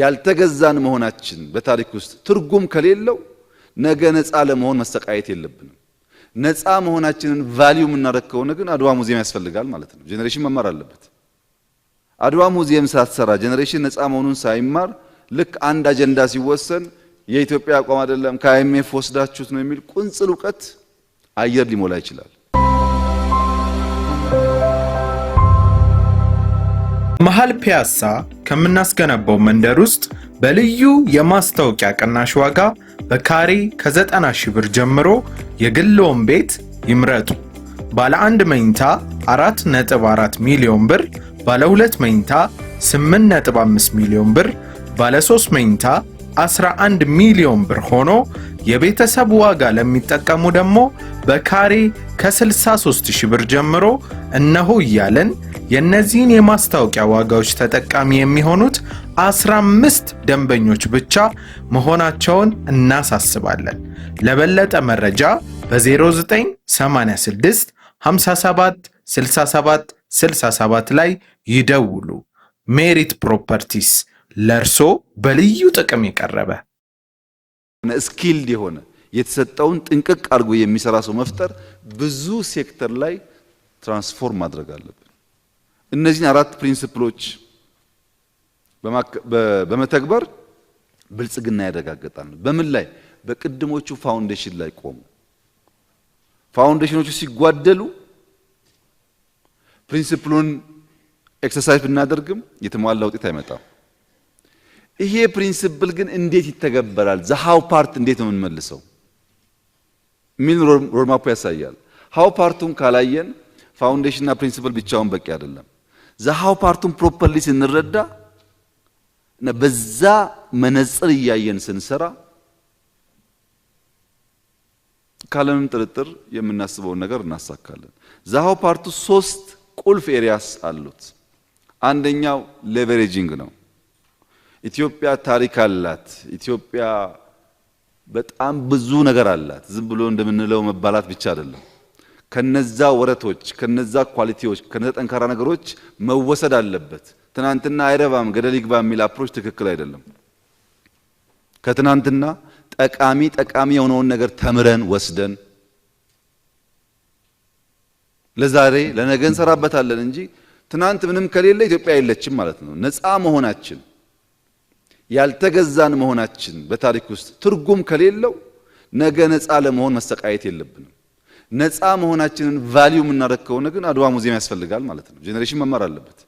ያልተገዛን መሆናችን በታሪክ ውስጥ ትርጉም ከሌለው ነገ ነፃ ለመሆን መሰቃየት የለብንም። ነፃ መሆናችንን ቫሊዩ የምናደርግ ከሆነ ግን አድዋ ሙዚየም ያስፈልጋል ማለት ነው። ጄኔሬሽን መማር አለበት። አድዋ ሙዚየም ሳትሰራ ጄኔሬሽን ነፃ መሆኑን ሳይማር ልክ አንድ አጀንዳ ሲወሰን የኢትዮጵያ አቋም አይደለም ከአይኤምኤፍ ወስዳችሁት ነው የሚል ቁንጽል እውቀት አየር ሊሞላ ይችላል። መሀል ፒያሳ ከምናስገነባው መንደር ውስጥ በልዩ የማስታወቂያ ቅናሽ ዋጋ በካሬ ከ90 ሺህ ብር ጀምሮ የግልዎን ቤት ይምረጡ። ባለ አንድ መኝታ 4.4 ሚሊዮን ብር፣ ባለ 2 መኝታ 8.5 ሚሊዮን ብር፣ ባለ 3 መኝታ 11 ሚሊዮን ብር ሆኖ የቤተሰብ ዋጋ ለሚጠቀሙ ደግሞ በካሬ ከ63 ሺህ ብር ጀምሮ እነሆ እያለን የእነዚህን የማስታወቂያ ዋጋዎች ተጠቃሚ የሚሆኑት 15 ደንበኞች ብቻ መሆናቸውን እናሳስባለን። ለበለጠ መረጃ በ0986 57 67 67 ላይ ይደውሉ። ሜሪት ፕሮፐርቲስ ለእርሶ በልዩ ጥቅም የቀረበ ስኪልድ የሆነ የተሰጠውን ጥንቅቅ አድርጎ የሚሰራ ሰው መፍጠር፣ ብዙ ሴክተር ላይ ትራንስፎርም ማድረግ አለብን። እነዚህን አራት ፕሪንስፕሎች በመተግበር ብልጽግና ያረጋግጣል። በምን ላይ? በቅድሞቹ ፋውንዴሽን ላይ ቆሙ። ፋውንዴሽኖቹ ሲጓደሉ ፕሪንስፕሉን ኤክሰርሳይዝ ብናደርግም የተሟላ ውጤት አይመጣም። ይሄ ፕሪንስፕል ግን እንዴት ይተገበራል? ዘሃው ፓርት እንዴት ነው የምንመልሰው? ሚል ሮድማፑ ያሳያል። ሀው ፓርቱን ካላየን ፋውንዴሽንና ፕሪንሲፕል ብቻውን በቂ አይደለም። ዘሀው ፓርቱን ፕሮፐርሊ ስንረዳ እና በዛ መነጽር እያየን ስንሰራ ካለምንም ጥርጥር የምናስበውን ነገር እናሳካለን። ዛሀው ፓርቱ ሶስት ቁልፍ ኤሪያስ አሉት። አንደኛው ሌቨሬጂንግ ነው። ኢትዮጵያ ታሪክ አላት። ኢትዮጵያ በጣም ብዙ ነገር አላት። ዝም ብሎ እንደምንለው መባላት ብቻ አይደለም። ከነዛ ወረቶች፣ ከነዛ ኳሊቲዎች፣ ከነዛ ጠንካራ ነገሮች መወሰድ አለበት። ትናንትና አይረባም ገደል ይግባ የሚል አፕሮች ትክክል አይደለም። ከትናንትና ጠቃሚ ጠቃሚ የሆነውን ነገር ተምረን ወስደን ለዛሬ ለነገ እንሰራበታለን እንጂ ትናንት ምንም ከሌለ ኢትዮጵያ የለችም ማለት ነው። ነፃ መሆናችን ያልተገዛን መሆናችን በታሪክ ውስጥ ትርጉም ከሌለው ነገ ነፃ ለመሆን መሰቃየት የለብንም። ነፃ መሆናችንን ቫሊዩ የምናደርግ ከሆነ ግን አድዋ ሙዚየም ያስፈልጋል ማለት ነው። ጄኔሬሽን መማር አለበት።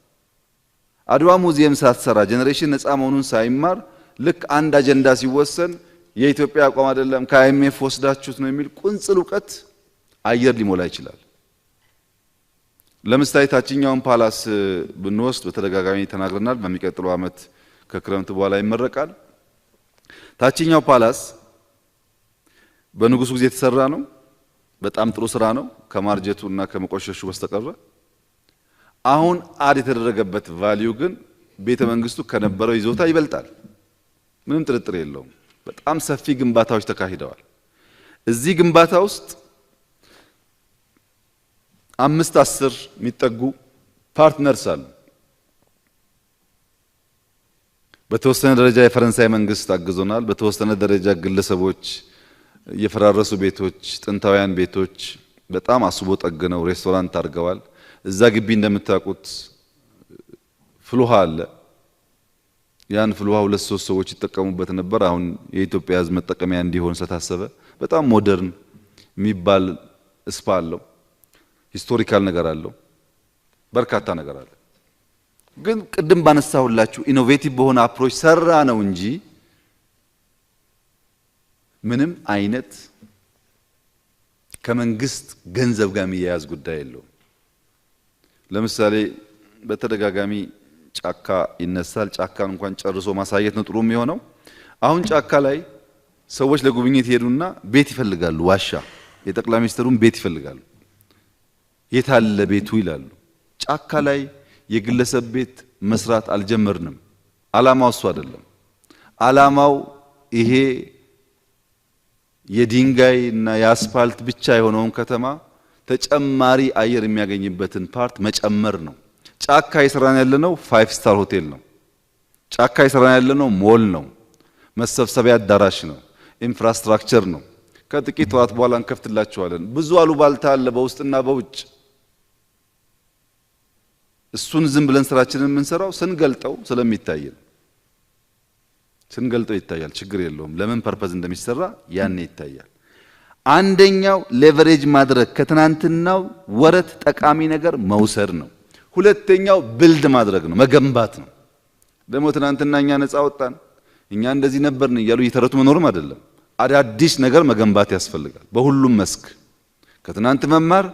አድዋ ሙዚየም ሳትሰራ ጄኔሬሽን ነፃ መሆኑን ሳይማር ልክ አንድ አጀንዳ ሲወሰን የኢትዮጵያ አቋም አይደለም ከአይኤምኤፍ ወስዳችሁት ነው የሚል ቁንጽል እውቀት አየር ሊሞላ ይችላል። ለምሳሌ ታችኛውን ፓላስ ብንወስድ በተደጋጋሚ ተናግረናል። በሚቀጥለው ዓመት ከክረምት በኋላ ይመረቃል። ታችኛው ፓላስ በንጉሱ ጊዜ የተሰራ ነው። በጣም ጥሩ ስራ ነው፣ ከማርጀቱ እና ከመቆሸሹ በስተቀረ አሁን አድ የተደረገበት ቫሊዩ ግን ቤተ መንግስቱ ከነበረው ይዞታ ይበልጣል። ምንም ጥርጥር የለውም። በጣም ሰፊ ግንባታዎች ተካሂደዋል። እዚህ ግንባታ ውስጥ አምስት አስር የሚጠጉ ፓርትነርስ አሉ። በተወሰነ ደረጃ የፈረንሳይ መንግስት አግዞናል። በተወሰነ ደረጃ ግለሰቦች የፈራረሱ ቤቶች፣ ጥንታውያን ቤቶች በጣም አስቦ ጠግነው ሬስቶራንት አድርገዋል። እዛ ግቢ እንደምታውቁት ፍልውሃ አለ። ያን ፍልውሃ ሁለት ሶስት ሰዎች ይጠቀሙበት ነበር። አሁን የኢትዮጵያ ሕዝብ መጠቀሚያ እንዲሆን ስለታሰበ በጣም ሞደርን የሚባል ስፓ አለው። ሂስቶሪካል ነገር አለው። በርካታ ነገር አለ። ግን ቅድም ባነሳሁላችሁ ኢኖቬቲቭ በሆነ አፕሮች ሰራ ነው እንጂ ምንም አይነት ከመንግስት ገንዘብ ጋር የሚያያዝ ጉዳይ የለውም። ለምሳሌ በተደጋጋሚ ጫካ ይነሳል። ጫካን እንኳን ጨርሶ ማሳየት ነው ጥሩ የሚሆነው። አሁን ጫካ ላይ ሰዎች ለጉብኝት ይሄዱና ቤት ይፈልጋሉ። ዋሻ የጠቅላይ ሚኒስትሩን ቤት ይፈልጋሉ። የታለ ቤቱ ይላሉ። ጫካ ላይ የግለሰብ ቤት መስራት አልጀመርንም። አላማው እሱ አይደለም። አላማው ይሄ የድንጋይ እና የአስፋልት ብቻ የሆነውን ከተማ ተጨማሪ አየር የሚያገኝበትን ፓርት መጨመር ነው። ጫካ የሰራን ያለነው ፋይቭ ስታር ሆቴል ነው። ጫካ የሰራን ያለነው ሞል ነው፣ መሰብሰቢያ አዳራሽ ነው፣ ኢንፍራስትራክቸር ነው። ከጥቂት ወራት በኋላ እንከፍትላችኋለን። ብዙ አሉባልታ አለ በውስጥና በውጭ እሱን ዝም ብለን ስራችንን የምንሰራው ስንገልጠው ስለሚታየን ስንገልጠው ይታያል። ችግር የለውም። ለምን ፐርፐዝ እንደሚሰራ ያኔ ይታያል። አንደኛው ሌቨሬጅ ማድረግ ከትናንትናው ወረት ጠቃሚ ነገር መውሰድ ነው። ሁለተኛው ብልድ ማድረግ ነው፣ መገንባት ነው። ደግሞ ትናንትና እኛ ነፃ ወጣን፣ እኛ እንደዚህ ነበርን እያሉ እየተረቱ መኖርም አይደለም። አዳዲስ ነገር መገንባት ያስፈልጋል። በሁሉም መስክ ከትናንት መማር፣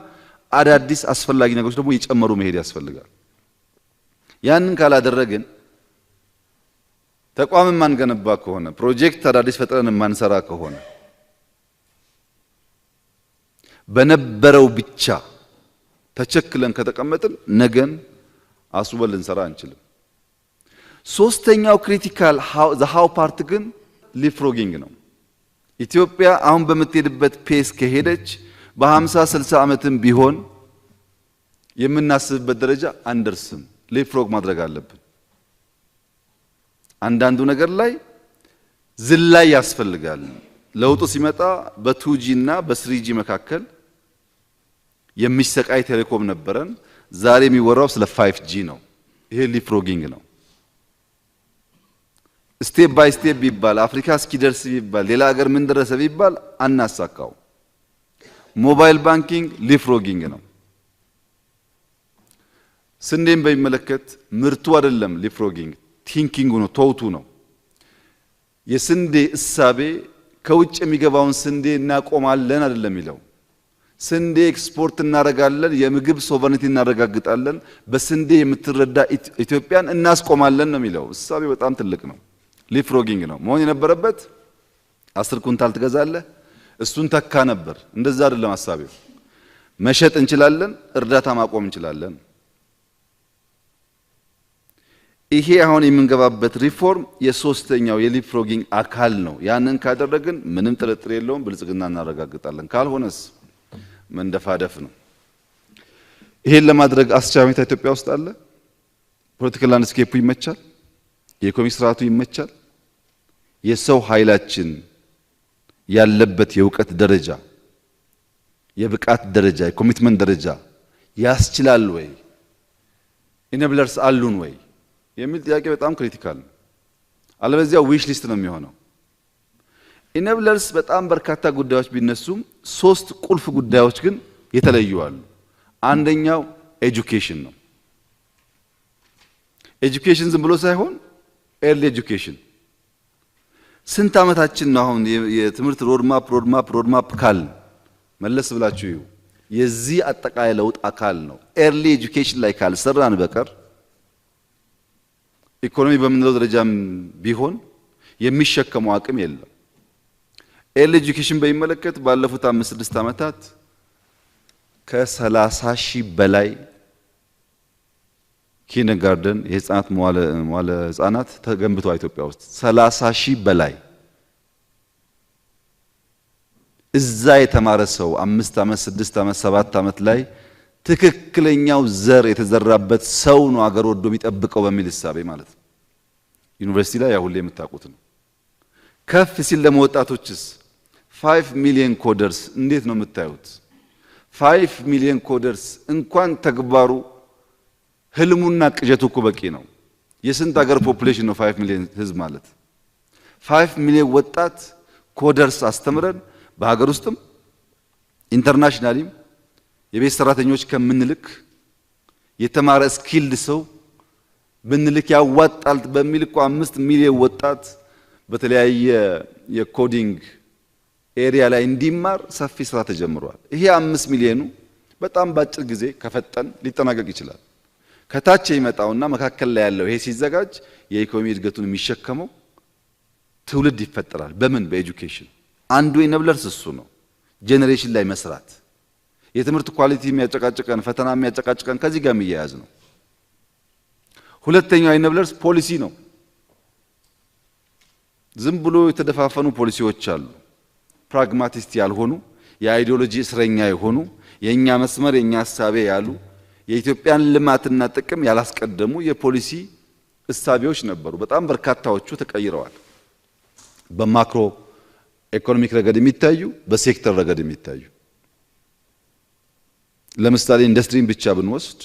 አዳዲስ አስፈላጊ ነገሮች ደግሞ እየጨመሩ መሄድ ያስፈልጋል። ያንን ካላደረግን ተቋም የማንገነባ ከሆነ ፕሮጀክት አዳዲስ ፈጥረን የማንሰራ ከሆነ በነበረው ብቻ ተቸክለን ከተቀመጥን ነገን አስበን ልንሰራ አንችልም። ሶስተኛው ክሪቲካል ዘሃው ፓርት ግን ሊፍሮጊንግ ነው። ኢትዮጵያ አሁን በምትሄድበት ፔስ ከሄደች በ50 60 ዓመትም ቢሆን የምናስብበት ደረጃ አንደርስም። ሊፍሮግ ማድረግ አለብን። አንዳንዱ ነገር ላይ ዝላይ ያስፈልጋል። ለውጡ ሲመጣ በቱጂ እና በስሪጂ መካከል የሚሰቃይ ቴሌኮም ነበረን። ዛሬ የሚወራው ስለ ፋይፍ ጂ ነው። ይሄ ሊፍሮጊንግ ነው። ስቴፕ ባይ ስቴፕ ቢባል አፍሪካ እስኪደርስ ቢባል ሌላ ሀገር ምን ደረሰ ቢባል አናሳካው። ሞባይል ባንኪንግ ሊፍሮጊንግ ነው። ስንዴን በሚመለከት ምርቱ አይደለም ሊፍሮጊንግ ቲንኪንግ ነው፣ ቶውቱ ነው። የስንዴ እሳቤ ከውጭ የሚገባውን ስንዴ እናቆማለን አይደለም የሚለው ስንዴ ኤክስፖርት እናደረጋለን የምግብ ሶቨርኒቲ እናረጋግጣለን፣ በስንዴ የምትረዳ ኢትዮጵያን እናስቆማለን ነው የሚለው እሳቤ። በጣም ትልቅ ነው፣ ሊፍሮጊንግ ነው መሆን የነበረበት። አስር ኩንታል ትገዛለህ፣ እሱን ተካ ነበር። እንደዛ አይደለም ሀሳቤው መሸጥ እንችላለን፣ እርዳታ ማቆም እንችላለን። ይሄ አሁን የምንገባበት ሪፎርም የሶስተኛው የሊፕሮጊንግ አካል ነው። ያንን ካደረግን ምንም ጥርጥር የለውም ብልጽግና እናረጋግጣለን። ካልሆነስ መንደፋደፍ ነው። ይሄን ለማድረግ አስቻይ ሁኔታ ኢትዮጵያ ውስጥ አለ። ፖለቲካል ላንድስኬፑ ይመቻል፣ የኢኮኖሚ ስርዓቱ ይመቻል። የሰው ኃይላችን ያለበት የእውቀት ደረጃ፣ የብቃት ደረጃ፣ የኮሚትመንት ደረጃ ያስችላል ወይ? ኢነብለርስ አሉን ወይ? የሚል ጥያቄ በጣም ክሪቲካል ነው። አለበዚያ ዊሽ ሊስት ነው የሚሆነው። ኢነብለርስ በጣም በርካታ ጉዳዮች ቢነሱም ሶስት ቁልፍ ጉዳዮች ግን የተለዩ አሉ። አንደኛው ኤጁኬሽን ነው። ኤጁኬሽን ዝም ብሎ ሳይሆን ኤርሊ ኤጁኬሽን። ስንት ዓመታችን ነው አሁን የትምህርት ሮድማፕ ሮድማፕ ሮድማፕ ካል መለስ ብላችሁ የዚህ አጠቃላይ ለውጥ አካል ነው። ኤርሊ ኤጁኬሽን ላይ ካልሰራን በቀር ኢኮኖሚ በምንለው ደረጃም ቢሆን የሚሸከመው አቅም የለም። ኤል ኤጁኬሽን በሚመለከት ባለፉት አምስት ስድስት ዓመታት ከሰላሳ ሺህ በላይ ኪንደርጋርደን የህፃናት መዋለ ህፃናት ተገንብተዋል ኢትዮጵያ ውስጥ ሰላሳ ሺህ በላይ እዛ የተማረ ሰው አምስት ዓመት ስድስት ዓመት ሰባት ዓመት ላይ ትክክለኛው ዘር የተዘራበት ሰው ነው አገር ወዶ የሚጠብቀው በሚል እሳቤ ማለት ነው። ዩኒቨርሲቲ ላይ ያሁሌ የምታውቁት ነው። ከፍ ሲል ለመወጣቶችስ ፋይቭ ሚሊዮን ኮደርስ እንዴት ነው የምታዩት? ፋይቭ ሚሊዮን ኮደርስ እንኳን ተግባሩ ህልሙና ቅዠቱ እኮ በቂ ነው። የስንት አገር ፖፑሌሽን ነው ፋይቭ ሚሊዮን ህዝብ ማለት? ፋይቭ ሚሊዮን ወጣት ኮደርስ አስተምረን በሀገር ውስጥም ኢንተርናሽናሊም የቤት ሰራተኞች ከምንልክ የተማረ ስኪልድ ሰው ብንልክ ያዋጣል በሚል እኮ አምስት ሚሊዮን ወጣት በተለያየ የኮዲንግ ኤሪያ ላይ እንዲማር ሰፊ ስራ ተጀምሯል። ይሄ አምስት ሚሊዮኑ በጣም በአጭር ጊዜ ከፈጠን ሊጠናቀቅ ይችላል። ከታች የሚመጣውና መካከል ላይ ያለው ይሄ ሲዘጋጅ የኢኮኖሚ እድገቱን የሚሸከመው ትውልድ ይፈጠራል። በምን በኤጁኬሽን አንዱ የነብለርስ እሱ ነው። ጄኔሬሽን ላይ መስራት የትምህርት ኳሊቲ የሚያጨቃጭቀን ፈተና የሚያጨቃጭቀን ከዚህ ጋር የሚያያዝ ነው። ሁለተኛው አይነብለርስ ፖሊሲ ነው። ዝም ብሎ የተደፋፈኑ ፖሊሲዎች አሉ። ፕራግማቲስት ያልሆኑ የአይዲዮሎጂ እስረኛ የሆኑ የእኛ መስመር የእኛ እሳቤ ያሉ የኢትዮጵያን ልማትና ጥቅም ያላስቀደሙ የፖሊሲ እሳቤዎች ነበሩ። በጣም በርካታዎቹ ተቀይረዋል። በማክሮ ኢኮኖሚክ ረገድ የሚታዩ በሴክተር ረገድ የሚታዩ ለምሳሌ ኢንዱስትሪን ብቻ ብንወስድ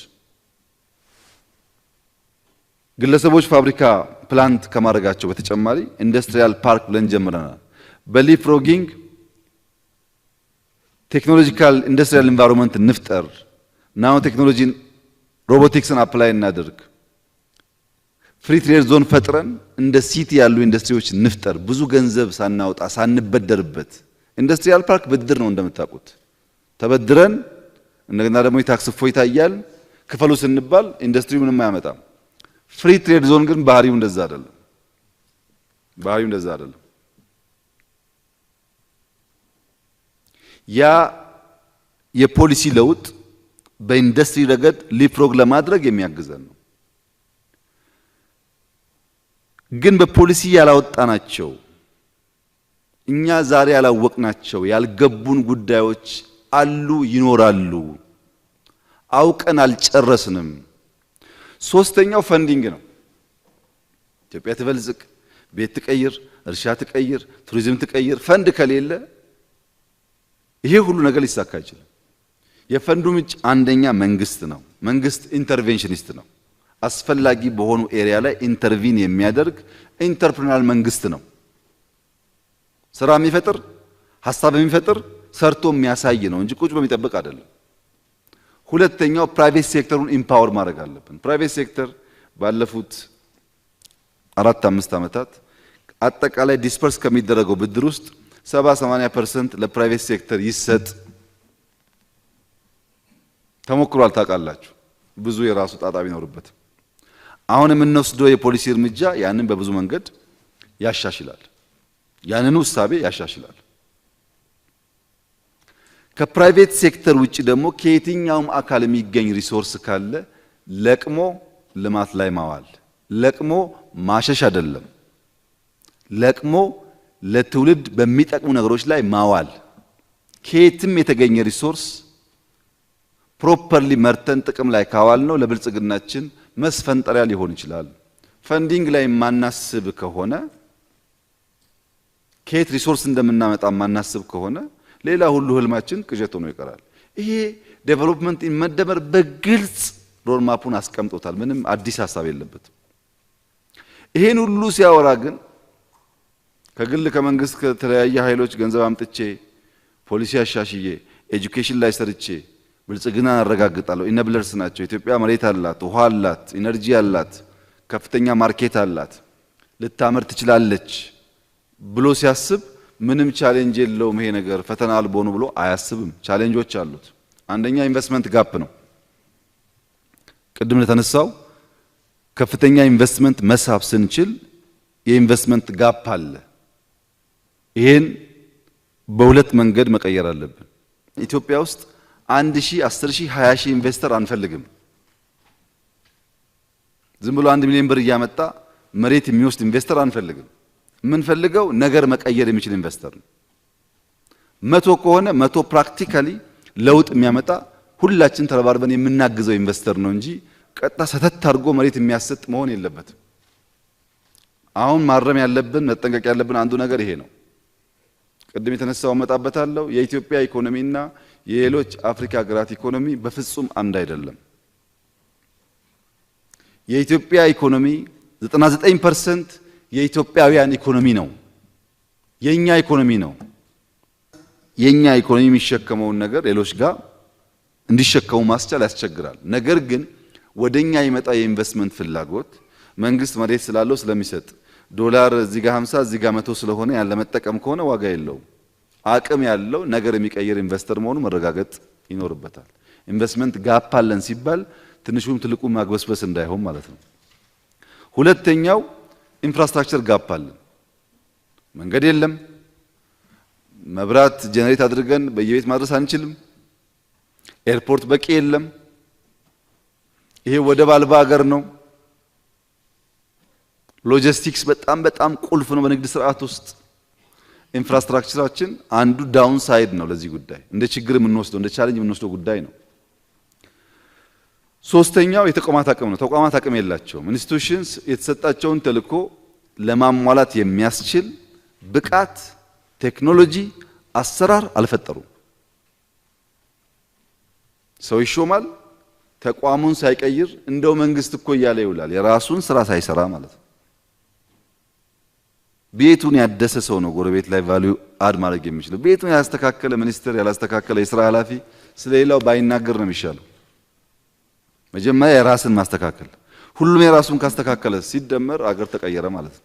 ግለሰቦች ፋብሪካ ፕላንት ከማድረጋቸው በተጨማሪ ኢንዱስትሪያል ፓርክ ብለን ጀምረናል። በሊፍሮጊንግ ቴክኖሎጂካል ኢንዱስትሪያል ኢንቫይሮንመንት እንፍጠር፣ ናኖ ቴክኖሎጂን፣ ሮቦቲክስን አፕላይ እናደርግ፣ ፍሪ ትሬድ ዞን ፈጥረን እንደ ሲቲ ያሉ ኢንዱስትሪዎች እንፍጠር። ብዙ ገንዘብ ሳናወጣ ሳንበደርበት ኢንዱስትሪያል ፓርክ ብድር ነው እንደምታውቁት ተበድረን እንደገና ደግሞ የታክስ እፎይታ እያል ክፈሉ ስንባል ኢንዱስትሪው ምንም አያመጣም። ፍሪ ትሬድ ዞን ግን ባህሪው እንደዛ አይደለም። ባህሪው እንደዛ አይደለም። ያ የፖሊሲ ለውጥ በኢንዱስትሪ ረገድ ሊፕሮግ ለማድረግ የሚያግዘን ነው። ግን በፖሊሲ ያላወጣናቸው እኛ ዛሬ ያላወቅናቸው ያልገቡን ጉዳዮች አሉ፣ ይኖራሉ። አውቀን አልጨረስንም። ሶስተኛው ፈንዲንግ ነው። ኢትዮጵያ ትበልዝቅ ቤት ትቀይር፣ እርሻ ትቀይር፣ ቱሪዝም ትቀይር፣ ፈንድ ከሌለ ይሄ ሁሉ ነገር ሊሳካ አይችልም። የፈንዱ ምንጭ አንደኛ መንግስት ነው። መንግስት ኢንተርቬንሽኒስት ነው። አስፈላጊ በሆኑ ኤሪያ ላይ ኢንተርቪን የሚያደርግ ኢንተርፕሪናል መንግስት ነው። ስራ የሚፈጥር ሀሳብ የሚፈጥር ሰርቶ የሚያሳይ ነው እንጂ ቁጭ በሚጠብቅ አይደለም። ሁለተኛው ፕራይቬት ሴክተሩን ኢምፓወር ማድረግ አለብን። ፕራይቬት ሴክተር ባለፉት አራት አምስት ዓመታት አጠቃላይ ዲስፐርስ ከሚደረገው ብድር ውስጥ 70 80 ፐርሰንት ለፕራይቬት ሴክተር ይሰጥ ተሞክሯል። ታውቃላችሁ፣ ብዙ የራሱ ጣጣ ቢኖርበትም አሁን የምንወስደው የፖሊሲ እርምጃ ያንን በብዙ መንገድ ያሻሽላል። ያንኑ እሳቤ ያሻሽላል። ከፕራይቬት ሴክተር ውጭ ደግሞ ከየትኛውም አካል የሚገኝ ሪሶርስ ካለ ለቅሞ ልማት ላይ ማዋል፣ ለቅሞ ማሸሽ አይደለም፣ ለቅሞ ለትውልድ በሚጠቅሙ ነገሮች ላይ ማዋል። ከየትም የተገኘ ሪሶርስ ፕሮፐርሊ መርተን ጥቅም ላይ ካዋል ነው ለብልጽግናችን መስፈንጠሪያ ሊሆን ይችላል። ፈንዲንግ ላይ የማናስብ ከሆነ ከየት ሪሶርስ እንደምናመጣ የማናስብ ከሆነ ሌላ ሁሉ ህልማችን ቅዠት ሆኖ ይቀራል። ይሄ ዴቨሎፕመንት መደመር በግልጽ ሮድማፑን አስቀምጦታል። ምንም አዲስ ሀሳብ የለበትም። ይሄን ሁሉ ሲያወራ ግን ከግል ከመንግስት ከተለያየ ኃይሎች ገንዘብ አምጥቼ ፖሊሲ አሻሽዬ ኤጁኬሽን ላይ ሰርቼ ብልጽግና አረጋግጣለሁ። ኢነብለርስ ናቸው። ኢትዮጵያ መሬት አላት፣ ውሃ አላት፣ ኢነርጂ አላት፣ ከፍተኛ ማርኬት አላት፣ ልታመር ትችላለች ብሎ ሲያስብ ምንም ቻሌንጅ የለውም ይሄ ነገር ፈተና አልቦ ነው ብሎ አያስብም። ቻሌንጆች አሉት። አንደኛ ኢንቨስትመንት ጋፕ ነው። ቅድም ለተነሳው ከፍተኛ ኢንቨስትመንት መሳብ ስንችል የኢንቨስትመንት ጋፕ አለ። ይሄን በሁለት መንገድ መቀየር አለብን። ኢትዮጵያ ውስጥ አንድ ሺህ አስር ሺህ ሀያ ሺህ ኢንቨስተር አንፈልግም። ዝም ብሎ አንድ ሚሊዮን ብር እያመጣ መሬት የሚወስድ ኢንቨስተር አንፈልግም። የምንፈልገው ነገር መቀየር የሚችል ኢንቨስተር ነው። መቶ ከሆነ መቶ ፕራክቲካሊ ለውጥ የሚያመጣ ሁላችን ተረባርበን የምናግዘው ኢንቨስተር ነው እንጂ ቀጥታ ሰተት አድርጎ መሬት የሚያሰጥ መሆን የለበትም። አሁን ማረም ያለብን መጠንቀቅ ያለብን አንዱ ነገር ይሄ ነው። ቅድም የተነሳው እመጣበታለሁ። የኢትዮጵያ ኢኮኖሚና የሌሎች አፍሪካ ሀገራት ኢኮኖሚ በፍጹም አንድ አይደለም። የኢትዮጵያ ኢኮኖሚ 99 ፐርሰንት የኢትዮጵያውያን ኢኮኖሚ ነው፣ የእኛ ኢኮኖሚ ነው። የእኛ ኢኮኖሚ የሚሸከመውን ነገር ሌሎች ጋር እንዲሸከሙ ማስቻል ያስቸግራል። ነገር ግን ወደኛ ይመጣ የኢንቨስትመንት ፍላጎት መንግስት መሬት ስላለው ስለሚሰጥ ዶላር እዚህ ጋር 50 እዚህ ጋር መቶ ስለሆነ ያን ለመጠቀም ከሆነ ዋጋ የለውም። አቅም ያለው ነገር የሚቀይር ኢንቨስተር መሆኑ መረጋገጥ ይኖርበታል። ኢንቨስትመንት ጋፕ አለን ሲባል ትንሹም ትልቁም ማግበስበስ እንዳይሆን ማለት ነው። ሁለተኛው ኢንፍራስትራክቸር ጋፕ አለን። መንገድ የለም። መብራት ጀነሬት አድርገን በየቤት ማድረስ አንችልም። ኤርፖርት በቂ የለም። ይሄ ወደብ አልባ ሀገር ነው። ሎጂስቲክስ በጣም በጣም ቁልፍ ነው በንግድ ስርዓት ውስጥ። ኢንፍራስትራክቸራችን አንዱ ዳውን ሳይድ ነው። ለዚህ ጉዳይ እንደ ችግር የምንወስደው እንደ ቻሌንጅ የምንወስደው ጉዳይ ነው። ሶስተኛው የተቋማት አቅም ነው። ተቋማት አቅም የላቸውም። ኢንስቲቱሽንስ የተሰጣቸውን ተልዕኮ ለማሟላት የሚያስችል ብቃት፣ ቴክኖሎጂ፣ አሰራር አልፈጠሩም። ሰው ይሾማል ተቋሙን ሳይቀይር እንደው መንግስት እኮ እያለ ይውላል። የራሱን ስራ ሳይሰራ ማለት ነው። ቤቱን ያደሰ ሰው ነው ጎረቤት ላይ ቫልዩ አድ ማድረግ የሚችለው። ቤቱን ያላስተካከለ ሚኒስትር፣ ያላስተካከለ የስራ ኃላፊ ስለሌላው ባይናገር ነው የሚሻለው። መጀመሪያ የራስን ማስተካከል። ሁሉም የራሱን ካስተካከለ ሲደመር አገር ተቀየረ ማለት ነው።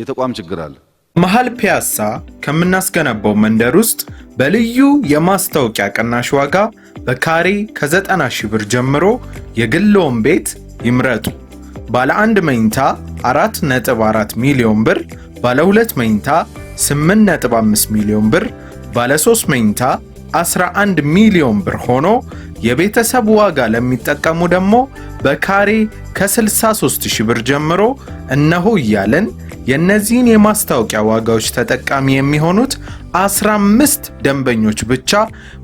የተቋም ችግር አለ። መሀል ፒያሳ ከምናስገነባው መንደር ውስጥ በልዩ የማስታወቂያ ቅናሽ ዋጋ በካሬ ከ90 ሺህ ብር ጀምሮ የግልዎን ቤት ይምረጡ። ባለ አንድ መኝታ 4.4 ሚሊዮን ብር፣ ባለ ሁለት መኝታ 8.5 ሚሊዮን ብር፣ ባለ 3 መኝታ 11 ሚሊዮን ብር ሆኖ የቤተሰብ ዋጋ ለሚጠቀሙ ደግሞ በካሬ ከ63 ሺህ ብር ጀምሮ እነሆ እያለን የእነዚህን የማስታወቂያ ዋጋዎች ተጠቃሚ የሚሆኑት 15 ደንበኞች ብቻ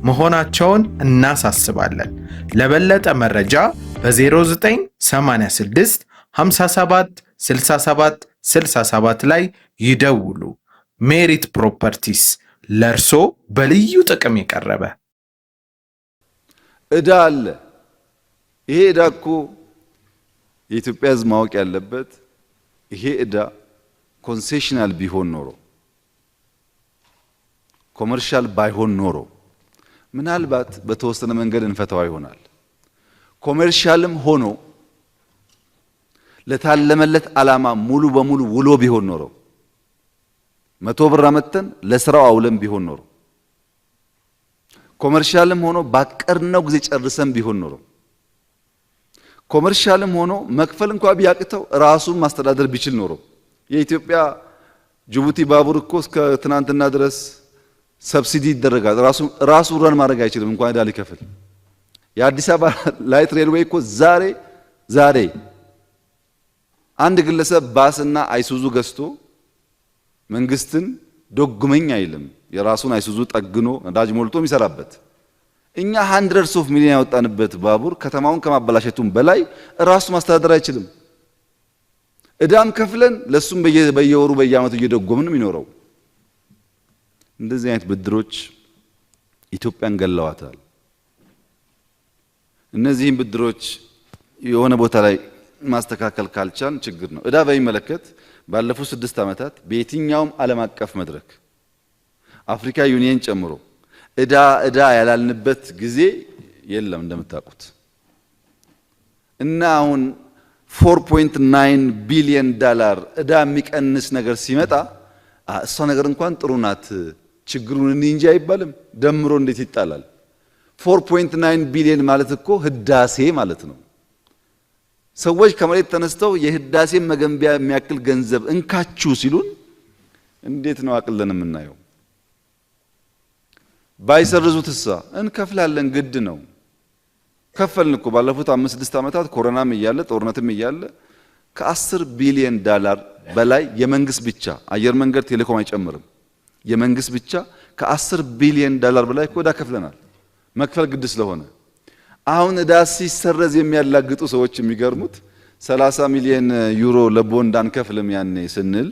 መሆናቸውን እናሳስባለን። ለበለጠ መረጃ በ0986 57 67 67 ላይ ይደውሉ። ሜሪት ፕሮፐርቲስ ለእርሶ በልዩ ጥቅም የቀረበ እዳ አለ። ይሄ እዳ እኮ የኢትዮጵያ ሕዝብ ማወቅ ያለበት ይሄ እዳ ኮንሴሽናል ቢሆን ኖሮ ኮመርሻል ባይሆን ኖሮ ምናልባት በተወሰነ መንገድ እንፈታዋ ይሆናል። ኮሜርሻልም ሆኖ ለታለመለት ዓላማ ሙሉ በሙሉ ውሎ ቢሆን ኖረው መቶ ብር አመተን ለስራው አውለን ቢሆን ኖሮ ኮመርሻልም ሆኖ ባቀርነው ጊዜ ጨርሰን ቢሆን ኖሮ ኮመርሻልም ሆኖ መክፈል እንኳ ቢያቅተው ራሱን ማስተዳደር ቢችል ኖሮ የኢትዮጵያ ጅቡቲ ባቡር እኮ እስከ ትናንትና ድረስ ሰብሲዲ ይደረጋል። ራሱ ራሱ ረን ማድረግ አይችልም እንኳን ዕዳ ሊከፍል። የአዲስ አበባ ላይት ሬልዌይ እኮ ዛሬ ዛሬ አንድ ግለሰብ ባስና አይሱዙ ገዝቶ መንግስትን ዶግመኝ አይልም። የራሱን አይሱዙ ጠግኖ ነዳጅ ሞልቶ የሚሰራበት እኛ ሀንድረድ ሶፍ ሚሊዮን ያወጣንበት ባቡር ከተማውን ከማበላሸቱም በላይ ራሱ ማስተዳደር አይችልም። እዳም ከፍለን ለሱም በየወሩ በየአመቱ እየደጎምንም ይኖረው። እንደዚህ አይነት ብድሮች ኢትዮጵያን ገለዋታል። እነዚህም ብድሮች የሆነ ቦታ ላይ ማስተካከል ካልቻን ችግር ነው። እዳ በሚመለከት ባለፉት ስድስት ዓመታት በየትኛውም ዓለም አቀፍ መድረክ አፍሪካ ዩኒየን ጨምሮ እዳ እዳ ያላልንበት ጊዜ የለም እንደምታውቁት እና አሁን 4.9 ቢሊዮን ዳላር እዳ የሚቀንስ ነገር ሲመጣ እሷ ነገር እንኳን ጥሩ ናት፣ ችግሩን እኔ እንጂ አይባልም። ደምሮ እንዴት ይጣላል? 4.9 ቢሊዮን ማለት እኮ ህዳሴ ማለት ነው። ሰዎች ከመሬት ተነስተው የህዳሴን መገንቢያ የሚያክል ገንዘብ እንካችሁ ሲሉን እንዴት ነው አቅለን የምናየው? ባይሰርዙት እንከፍላለን፣ ግድ ነው። ከፈልን እኮ ባለፉት አምስት ስድስት ዓመታት ኮሮናም እያለ ጦርነትም እያለ ከአስር ቢሊዮን ዳላር በላይ የመንግስት ብቻ አየር መንገድ፣ ቴሌኮም አይጨምርም። የመንግስት ብቻ ከአስር ቢሊዮን ዳላር በላይ እዳ ከፍለናል፣ መክፈል ግድ ስለሆነ አሁን እዳ ሲሰረዝ የሚያላግጡ ሰዎች የሚገርሙት 30 ሚሊዮን ዩሮ ለቦንድ አንከፍልም ያኔ ስንል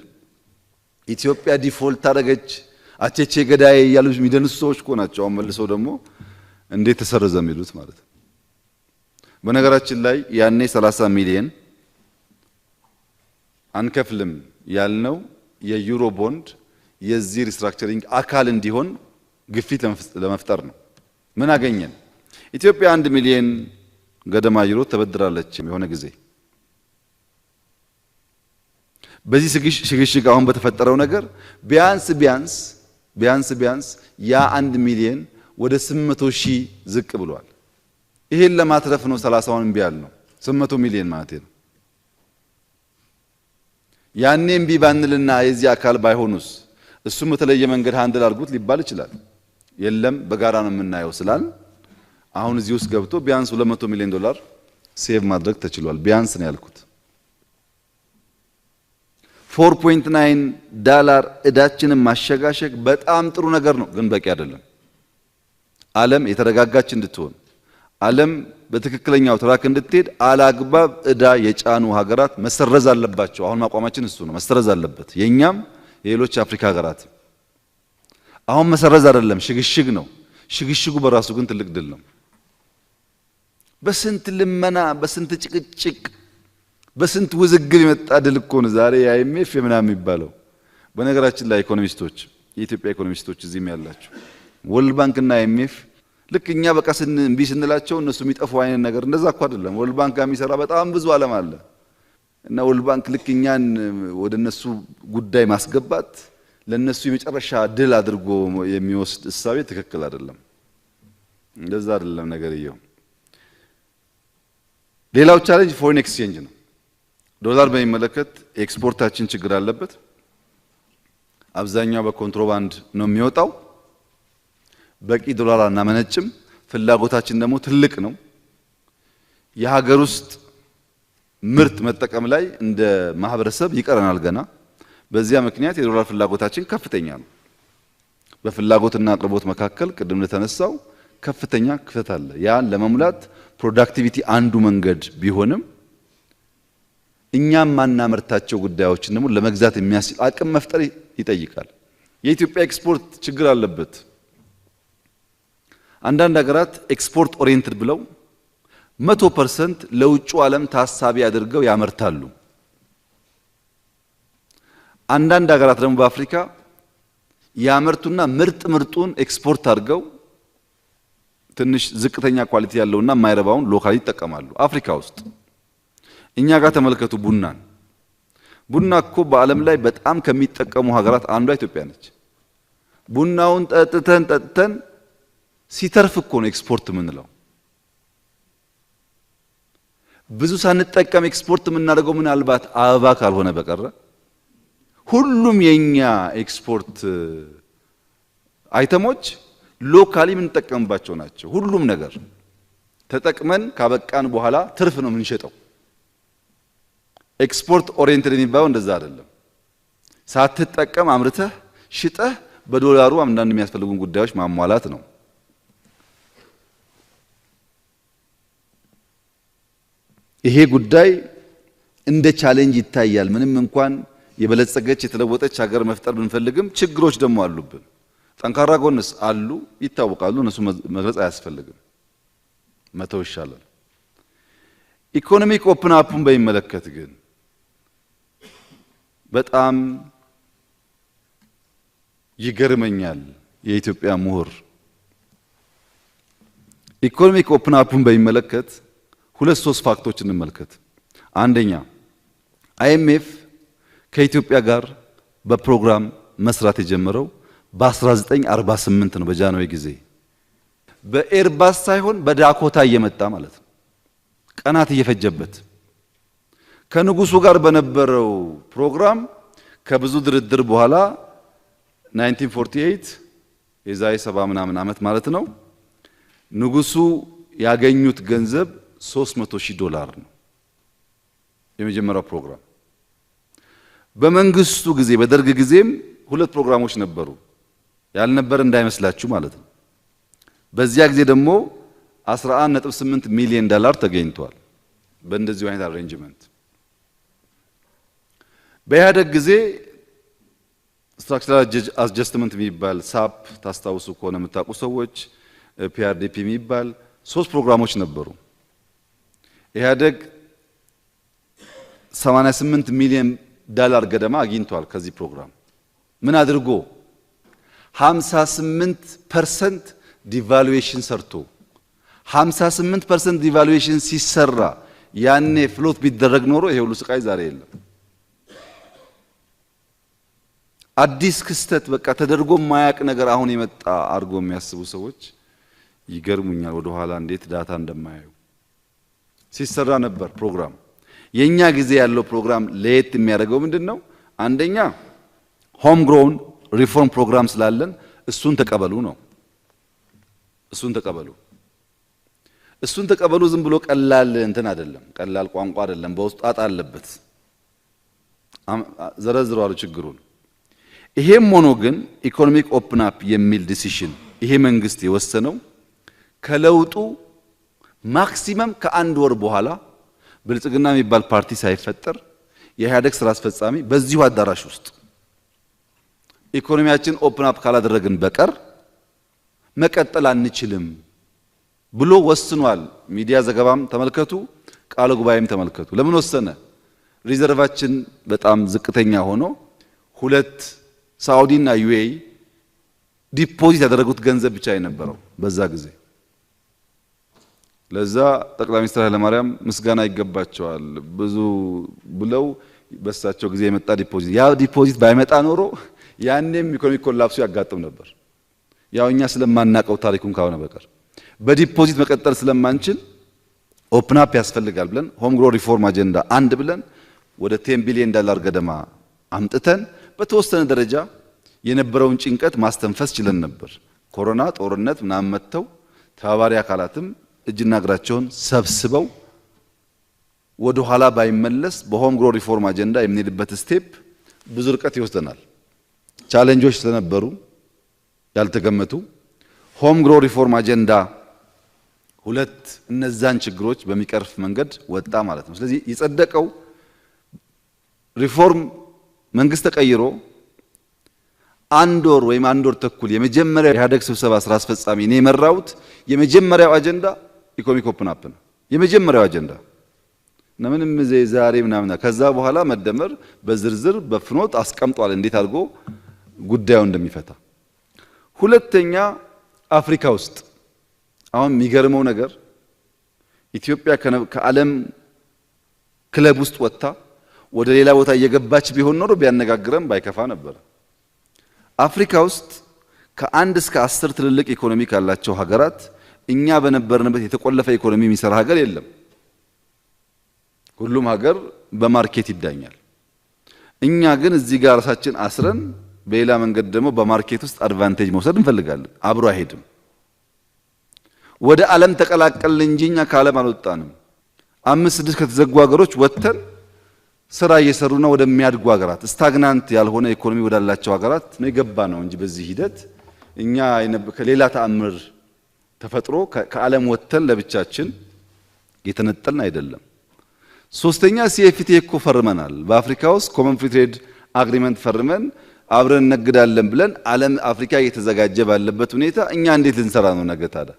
ኢትዮጵያ ዲፎልት አደረገች አቼቼ ገዳይ እያሉ የሚደንሱ ሰዎች እኮ ናቸው። አሁን መልሰው ደግሞ እንዴት ተሰረዘ የሚሉት ማለት ነው። በነገራችን ላይ ያኔ 30 ሚሊዮን አንከፍልም ያልነው የዩሮ ቦንድ የዚህ ሪስትራክቸሪንግ አካል እንዲሆን ግፊት ለመፍጠር ነው። ምን አገኘን? ኢትዮጵያ አንድ ሚሊዮን ገደማ ዩሮ ተበድራለች የሆነ ጊዜ። በዚህ ሽግሽግ አሁን በተፈጠረው ነገር ቢያንስ ቢያንስ ቢያንስ ቢያንስ ያ አንድ ሚሊዮን ወደ 800ሺ ሺህ ዝቅ ብሏል። ይሄን ለማትረፍ ነው ሰላሳውን እምቢ ያል ነው ሚሊዮን ማለት ነው። ያኔ እምቢ ባንልና የዚህ አካል ባይሆኑስ እሱም በተለየ መንገድ ሃንድል አድርጉት ሊባል ይችላል። የለም በጋራ ነው የምናየው ስላል አሁን እዚህ ውስጥ ገብቶ ቢያንስ 200 ሚሊዮን ዶላር ሴቭ ማድረግ ተችሏል። ቢያንስ ነው ያልኩት። 4.9 ዳላር እዳችንን ማሸጋሸግ በጣም ጥሩ ነገር ነው፣ ግን በቂ አይደለም። ዓለም የተረጋጋች እንድትሆን ዓለም በትክክለኛው ትራክ እንድትሄድ አላግባብ እዳ የጫኑ ሀገራት መሰረዝ አለባቸው። አሁን አቋማችን እሱ ነው፣ መሰረዝ አለበት። የእኛም የሌሎች አፍሪካ ሀገራት አሁን መሰረዝ አይደለም፣ ሽግሽግ ነው። ሽግሽጉ በራሱ ግን ትልቅ ድል ነው። በስንት ልመና፣ በስንት ጭቅጭቅ፣ በስንት ውዝግብ የመጣ ድል እኮ ነው ዛሬ የአይኤምኤፍ ምናምን የሚባለው። በነገራችን ላይ ኢኮኖሚስቶች፣ የኢትዮጵያ ኢኮኖሚስቶች እዚህም ያላቸው ወርልድ ባንክና አይኤምኤፍ ልክ እኛ በቃ እምቢ ስንላቸው እነሱ የሚጠፉ አይነት ነገር እንደዛ እኮ አይደለም። ወርልድ ባንክ ጋር የሚሰራ በጣም ብዙ ዓለም አለ እና ወርልድ ባንክ ልክ እኛን ወደ እነሱ ጉዳይ ማስገባት ለእነሱ የመጨረሻ ድል አድርጎ የሚወስድ እሳቤ ትክክል አይደለም። እንደዛ አይደለም ነገርየው። ሌላው ቻሌንጅ ፎሬን ኤክስቼንጅ ነው። ዶላር በሚመለከት ኤክስፖርታችን ችግር አለበት። አብዛኛው በኮንትሮባንድ ነው የሚወጣው። በቂ ዶላር አናመነጭም። ፍላጎታችን ደግሞ ትልቅ ነው። የሀገር ውስጥ ምርት መጠቀም ላይ እንደ ማህበረሰብ ይቀረናል ገና። በዚያ ምክንያት የዶላር ፍላጎታችን ከፍተኛ ነው። በፍላጎትና አቅርቦት መካከል ቅድም እንደተነሳው ከፍተኛ ክፍተት አለ። ያ ለመሙላት ፕሮዳክቲቪቲ አንዱ መንገድ ቢሆንም እኛም ማናመርታቸው ጉዳዮችን ደግሞ ለመግዛት የሚያስችል አቅም መፍጠር ይጠይቃል። የኢትዮጵያ ኤክስፖርት ችግር አለበት። አንዳንድ ሀገራት ኤክስፖርት ኦሪየንትድ ብለው መቶ ፐርሰንት ለውጭ ዓለም ታሳቢ አድርገው ያመርታሉ። አንዳንድ ሀገራት ደግሞ በአፍሪካ ያመርቱና ምርጥ ምርጡን ኤክስፖርት አድርገው ትንሽ ዝቅተኛ ኳሊቲ ያለውና የማይረባውን ሎካል ይጠቀማሉ። አፍሪካ ውስጥ እኛ ጋር ተመልከቱ ቡናን። ቡና እኮ በዓለም ላይ በጣም ከሚጠቀሙ ሀገራት አንዷ ኢትዮጵያ ነች። ቡናውን ጠጥተን ጠጥተን ሲተርፍ እኮ ነው ኤክስፖርት የምንለው። ብዙ ሳንጠቀም ኤክስፖርት የምናደርገው ምናልባት አበባ ካልሆነ በቀረ ሁሉም የኛ ኤክስፖርት አይተሞች ሎካሊ የምንጠቀምባቸው ናቸው። ሁሉም ነገር ተጠቅመን ካበቃን በኋላ ትርፍ ነው የምንሸጠው። ኤክስፖርት ኦሪየንትድ የሚባለው እንደዛ አይደለም። ሳትጠቀም አምርተህ ሽጠህ በዶላሩ አንዳንድ የሚያስፈልጉን ጉዳዮች ማሟላት ነው። ይሄ ጉዳይ እንደ ቻሌንጅ ይታያል። ምንም እንኳን የበለጸገች የተለወጠች ሀገር መፍጠር ብንፈልግም ችግሮች ደግሞ አሉብን። ጠንካራ ጎንስ አሉ፣ ይታወቃሉ። እነሱ መግለጽ አያስፈልግም፣ መተው ይሻላል። ኢኮኖሚክ ኦፕን አፑን በሚመለከት ግን በጣም ይገርመኛል የኢትዮጵያ ምሁር ኢኮኖሚክ ኦፕን አፕን በሚመለከት ሁለት ሶስት ፋክቶች እንመልከት። አንደኛ አይኤምኤፍ ከኢትዮጵያ ጋር በፕሮግራም መስራት የጀመረው በ1948 ነው በጃንሆይ ጊዜ በኤርባስ ሳይሆን በዳኮታ እየመጣ ማለት ነው። ቀናት እየፈጀበት ከንጉሱ ጋር በነበረው ፕሮግራም ከብዙ ድርድር በኋላ 1948 የዛሬ ሰባ ምናምን ዓመት ማለት ነው። ንጉሱ ያገኙት ገንዘብ 300 ሺህ ዶላር ነው። የመጀመሪያው ፕሮግራም በመንግስቱ ጊዜ በደርግ ጊዜም ሁለት ፕሮግራሞች ነበሩ። ያልነበረ እንዳይመስላችሁ ማለት ነው። በዚያ ጊዜ ደግሞ 11.8 ሚሊዮን ዶላር ተገኝቷል። በእንደዚህ አይነት አሬንጅመንት በኢህአደግ ጊዜ ስትራክቸራል አጀስትመንት የሚባል ሳፕ ታስታውሱ ከሆነ የምታውቁ ሰዎች ፒአርዲፒ የሚባል ሶስት ፕሮግራሞች ነበሩ። ኢህአደግ 88 ሚሊዮን ዶላር ገደማ አግኝቷል። ከዚህ ፕሮግራም ምን አድርጎ 58 ፐርሰንት ዲቫሉዌሽን ሰርቶ 58 ፐርሰንት ዲቫሉዌሽን ሲሰራ ያኔ ፍሎት ቢደረግ ኖሮ ይሄ ሁሉ ስቃይ ዛሬ የለም። አዲስ ክስተት በቃ ተደርጎ ማያቅ ነገር አሁን የመጣ አድርጎ የሚያስቡ ሰዎች ይገርሙኛል። ወደ ኋላ እንዴት ዳታ እንደማያዩ ሲሰራ ነበር ፕሮግራም። የኛ ጊዜ ያለው ፕሮግራም ለየት የሚያደርገው ምንድን ነው? አንደኛ ሆም ግሮውን ሪፎርም ፕሮግራም ስላለን እሱን ተቀበሉ ነው። እሱን ተቀበሉ እሱን ተቀበሉ። ዝም ብሎ ቀላል እንትን አይደለም፣ ቀላል ቋንቋ አይደለም። በውስጡ ጣጣ አለበት። ዘረዝረዋል ችግሩን። ይሄም ሆኖ ግን ኢኮኖሚክ ኦፕን አፕ የሚል ዲሲሽን ይሄ መንግስት የወሰነው ከለውጡ ማክሲመም ከአንድ ወር በኋላ ብልጽግና የሚባል ፓርቲ ሳይፈጠር የኢህአዴግ ስራ አስፈጻሚ በዚሁ አዳራሽ ውስጥ ኢኮኖሚያችን ኦፕን አፕ ካላደረግን በቀር መቀጠል አንችልም ብሎ ወስኗል። ሚዲያ ዘገባም ተመልከቱ፣ ቃለ ጉባኤም ተመልከቱ። ለምን ወሰነ? ሪዘርቫችን በጣም ዝቅተኛ ሆኖ ሁለት ሳዑዲና ዩኤኢ ዲፖዚት ያደረጉት ገንዘብ ብቻ የነበረው በዛ ጊዜ። ለዛ ጠቅላይ ሚኒስትር ኃይለማርያም ምስጋና ይገባቸዋል። ብዙ ብለው በሳቸው ጊዜ የመጣ ዲፖዚት ያ ዲፖዚት ባይመጣ ኖሮ ያኔም ኢኮኖሚክ ኮላፕሱ ያጋጥም ነበር። ያው እኛ ስለማናቀው ታሪኩን ካልሆነ በቀር በዲፖዚት መቀጠል ስለማንችል ኦፕን አፕ ያስፈልጋል ብለን ሆም ግሮ ሪፎርም አጀንዳ አንድ ብለን ወደ ቴን ቢሊዮን ዳላር ገደማ አምጥተን በተወሰነ ደረጃ የነበረውን ጭንቀት ማስተንፈስ ችለን ነበር። ኮሮና፣ ጦርነት ምናምን መጥተው ተባባሪ አካላትም እጅና እግራቸውን ሰብስበው ወደ ኋላ ባይመለስ በሆም ግሮ ሪፎርም አጀንዳ የምንሄድበት ስቴፕ ብዙ ርቀት ይወስደናል። ቻሌንጆች ስለነበሩ ያልተገመቱ ሆም ግሮ ሪፎርም አጀንዳ ሁለት እነዛን ችግሮች በሚቀርፍ መንገድ ወጣ ማለት ነው። ስለዚህ የጸደቀው ሪፎርም መንግስት ተቀይሮ አንድ ወር ወይም አንድ ወር ተኩል የመጀመሪያ ኢህአዴግ ስብሰባ ስራ አስፈጻሚ እኔ የመራሁት የመጀመሪያው አጀንዳ ኢኮኖሚክ ኦፕን አፕ ነው። የመጀመሪያው አጀንዳ እና ምንም ዛሬ ምናምን ከዛ በኋላ መደመር በዝርዝር በፍኖት አስቀምጧል እንዴት አድርጎ ጉዳዩ እንደሚፈታ። ሁለተኛ አፍሪካ ውስጥ አሁን የሚገርመው ነገር ኢትዮጵያ ከዓለም ክለብ ውስጥ ወጥታ ወደ ሌላ ቦታ እየገባች ቢሆን ኖሮ ቢያነጋግረም ባይከፋ ነበር። አፍሪካ ውስጥ ከአንድ እስከ አስር ትልልቅ ኢኮኖሚ ካላቸው ሀገራት እኛ በነበርንበት የተቆለፈ ኢኮኖሚ የሚሰራ ሀገር የለም። ሁሉም ሀገር በማርኬት ይዳኛል። እኛ ግን እዚህ ጋር ራሳችን አስረን በሌላ መንገድ ደግሞ በማርኬት ውስጥ አድቫንቴጅ መውሰድ እንፈልጋለን። አብሮ አይሄድም። ወደ ዓለም ተቀላቀልን እንጂ እኛ ከዓለም አልወጣንም። አምስት ስድስት ከተዘጉ ሀገሮች ወጥተን ስራ እየሰሩና ወደሚያድጉ ሀገራት ስታግናንት ያልሆነ ኢኮኖሚ ወዳላቸው ሀገራት ነው የገባ ነው እንጂ በዚህ ሂደት እኛ ከሌላ ተአምር ተፈጥሮ ከዓለም ወጥተን ለብቻችን የተነጠልን አይደለም። ሶስተኛ ሲኤፍቲ እኮ ፈርመናል። በአፍሪካ ውስጥ ኮመን ፍሪ ትሬድ አግሪመንት ፈርመን አብረን እነግዳለን ብለን ዓለም አፍሪካ እየተዘጋጀ ባለበት ሁኔታ እኛ እንዴት ልንሰራ ነው ነገ ታዲያ?